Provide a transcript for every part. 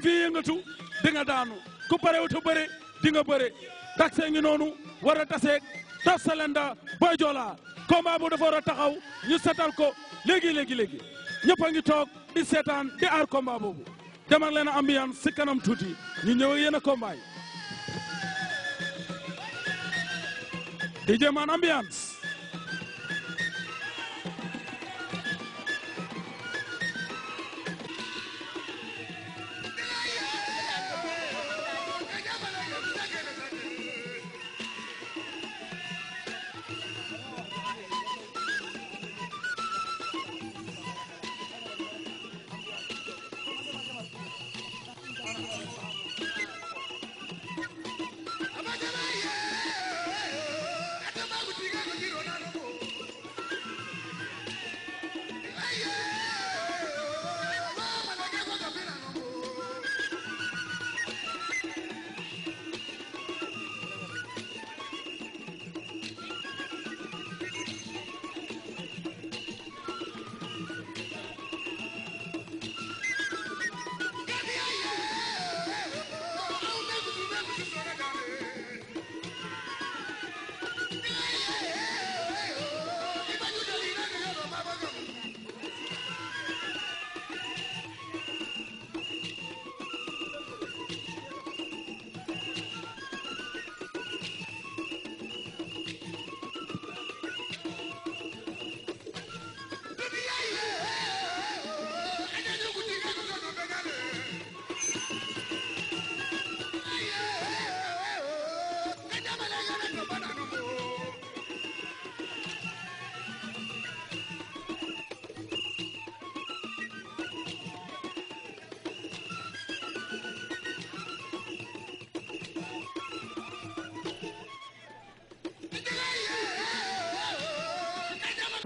ku fi yëngatu di nga daanu ku parewuta bëre di nga bëre taxe ngi noonu war a taseeg Top Salenda Boy Diola bu dafa war a taxaw ñu seetal ko légi léegi léegi ñëpp a ngi toog di seetaan di aar combat boobu demal leen ambiance si kanam tuuti ñu ñëw yéen a combat yi di jëmaan ambiance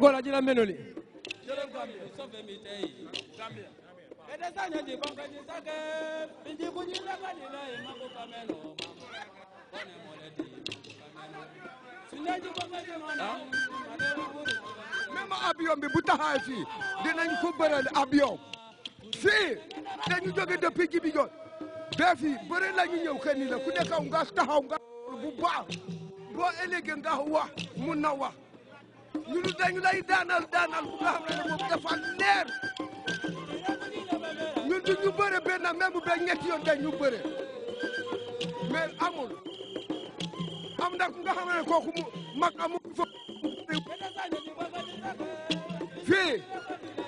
gola jina menoli même avion bi bu taxaw fii dinañ ko bëral avion fii dañu jóge depuis Djibidione ba fii bëri la ñu ñëw la ku nekk nga taxaw nga bu baax boo ëllëgee nga wax mun na wax ñun dañu lay daanal daanal bu nga xam ne moom dafa leer ñun du ñu bëre benn même ba ñetti yoon dañ ñu bëre mais amul am na ku nga xam ne amul fa fii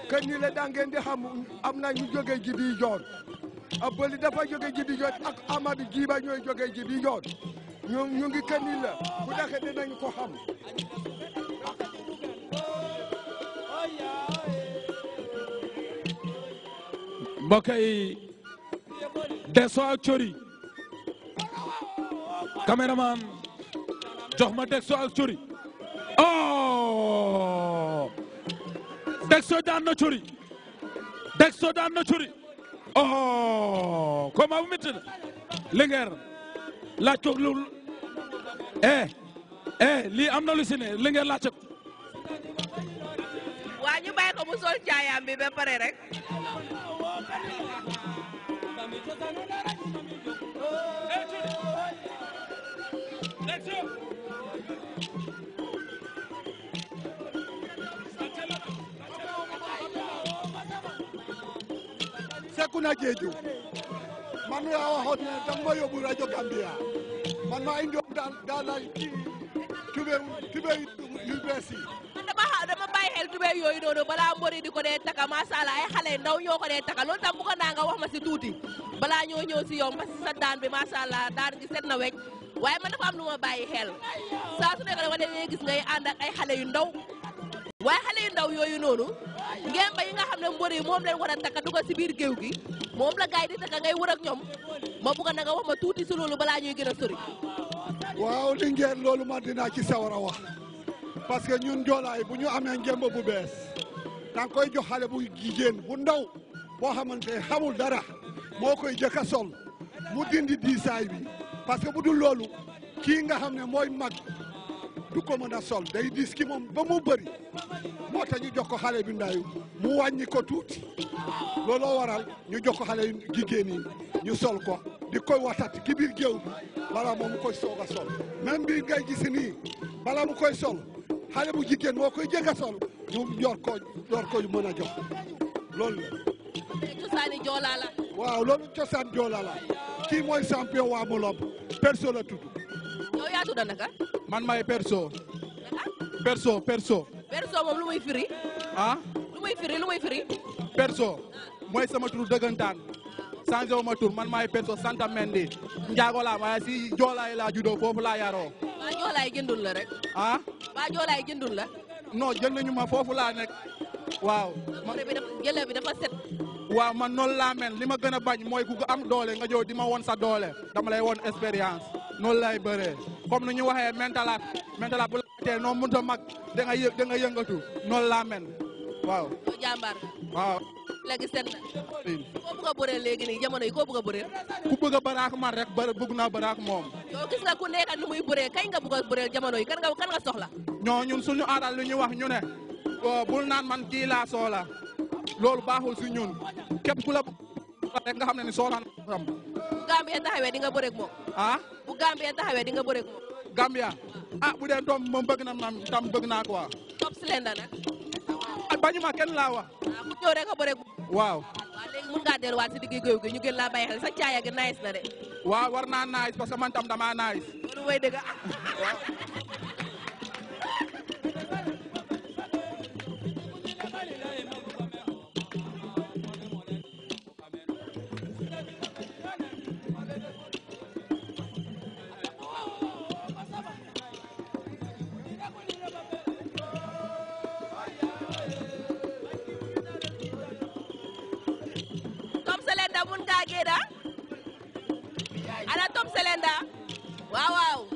que nii di xam am na ñu jógee ji dafa jógee ji ak Amadou Jiba ñooy jógee ji di joon ñu ñu ngi que mbokk yi Desso ak Cori caméraman jox ma Desso ak Cori oh Desso daan na Cori Desso daan na Cori oh combat bu métti la Linguère laaj ko lu eh, eh lii am na lu si ne Linguère laaj ko ñu bàyyi ko mu sol caayaam bi ba pare rek Sekuna Jeju man yaa waxoon ne dang ma yóbbu rajo Gambia man maa indi woon daal daal laay kii kii ay xel tubéy yooyu noonu balaa mbori di ko dee taka macha allah ay xale ndaw yo ko dee taka lol tam bu ko nanga wax ma ci tuuti bala ño ñëw ci yow parce que sa daan bi macha daan gi set na wecc waye man dafa am luma bayyi bàyyi xel saa su nekk dama leen gis ngay and ak ay xale yu ndaw waye xale yu ndaw nono ngeen ba yi nga xamne mbori mom len wara taka takka dugal biir geew gi mom la gay di taka ngay wër ak ñom ma bu ko nanga wax ma tuuti si lolou bala ñuy gëna sori waaw li ngeen lolou ma dina ci sawara wax parce que ñun joolaay bu ñu amee njëmb bu bees danga koy jox xale bu jigéen bu ndaw boo xamante xamul dara moo koy jëkk a sol mu dindi diisaay bi parce que bu dul loolu kii nga xam ne mooy mag ko mën a sol day diis ki moom ba moo tax ñu jox ko xale bi ndayu mu wàññi ko tuuti looloo waral ñu jox ko xale jigéen yi ñu sol ko di koy watat ki biir géew bi bala moom mu koy soog a sol même bi bala mu koy sol xale bu jigéen moo koy jëkk a sol ñu yor ko yor ko ñu mën a jox waaw loolu cosaan Joola la kii mooy champion waa Molom perso la tudd. yow yaa tudd man may perso. perso perso. perso moom lu muy firi. ah. lu muy firi lu muy firi. perso mooy sama tur dëggantaan changé wu tur man may perso Santa Mendy Njaago laa si Joola laa juddoo foofu laa waa joolaay jëndul la rek. ah. waa joolaay jëndul la. non jënd ñu ma foofu laa nekk. waaw. man jële bi dafa set. waaw man noonu laa mel li ma gën a bañ mooy ku am doole nga jow di ma won sa doole dama lay won expérience noonu lay bëree comme ni ñu waxee mentalaat mentalaat bu la tee noo mënut mag da nga yë nga yëngatu noonu laa mel waaw. jàmbaar waaw. léegi seet na koo bëgg a bëree léegi nii jamono yi koo bëgg a bëree ku bëgg a baraak man rek bëgg naa baraak moom yow gis nga ku nekk nu muy bëree kay nga bëgg a jamono yi kan nga kan nga soxla ñoo ñun suñu aaral lu ñu wax ñu ne oh, bul naan man kii laa soxla loolu baaxul si ñun képp ku la rek nga xam ne ni soxla na xam Gambia taxawee di nga bëree ak moom ah bu Gambia taxawee di nga bëree ak moom Gambia ah bu dee doom moom bëgg na mam tam bëgg naa quoi top slender nag bañuma kenn laa wax. waaw ah, ku rek a bëre. waaw. waaw léegi mun ngaa delluwaat si digg géew gi ñu gën laa bàyyi xel sa caaya gi nice na de. waaw war naa nice parce que man tam damaa nice. loolu mooy dëgg Ageda ana Top Selenda waaw waaw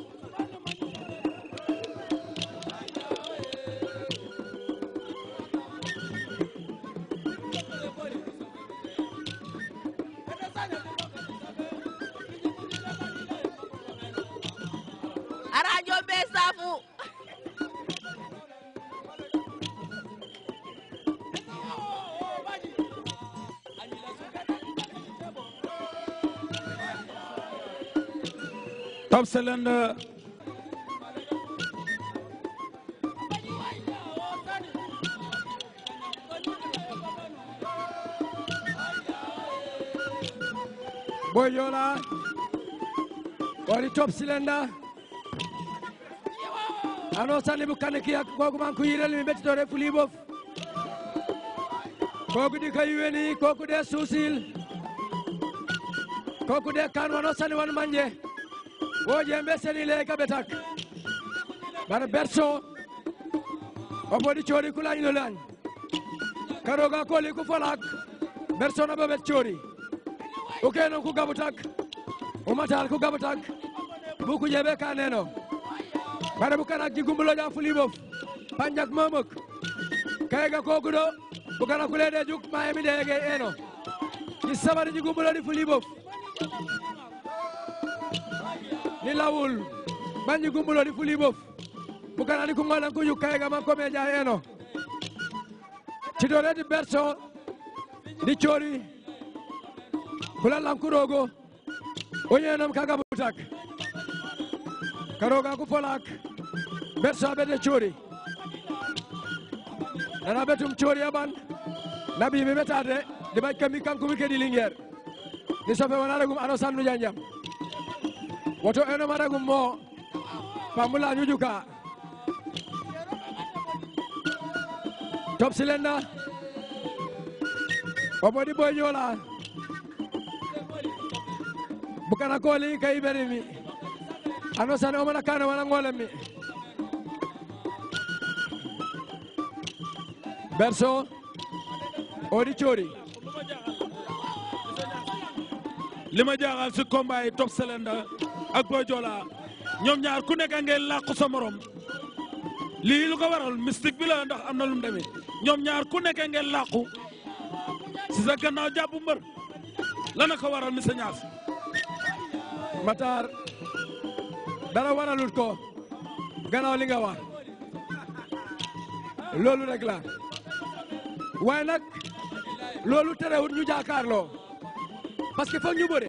Top Cylinder Boy Jola woni Top Cylinder ano sanni bu kane ki ak kooku ko yirel mi bettitore fuli bof di kayu weni kooku de suusil kooku wan manje wo jembe senile ka betak bar berso opodi chori kulani nolan karoga koli ku berso na babet chori ukeno ku gabutak umatal ku gabutak buku jebe bare bukana jigumbulo ja panjak mamuk kayga kogudo bukana kulede juk mayemi dege eno isabari jigumbulo di fulibof lilawol banji gumbuloɗi fuli bof bukan andi kungolan kuju kaya ma komi ja heno ya, di berso ndi coori bulallankuɗogo o oh, ñenom iya, kaga butak karoga ko folak bersoɓe de coori nana ɓetum coori yaɓan aban nabi kan ɓaƴ kammi ke di lingier di sofe wala gum ano janjam woto eno maragum mo pambula nyujuka top cylinder obodi boy nyola bukana koli kay berimi ano sana omana kana wana ngolemi berso odi chori li ma jaaxal si e top cylinder ak Boy ñoom ñaar ku nekk ngay làqu sa morom lii lu ko waral mystique bi am na lu mu demee ñoom ñaar ku nekk ngay làqu si sa gannaaw jàpp la na ko waral mi sa ñaas Matar dara waralul ko gannaaw li nga wax loolu rek la waaye nag loolu terewut ñu jaakaarloo parce que foog ñu bëre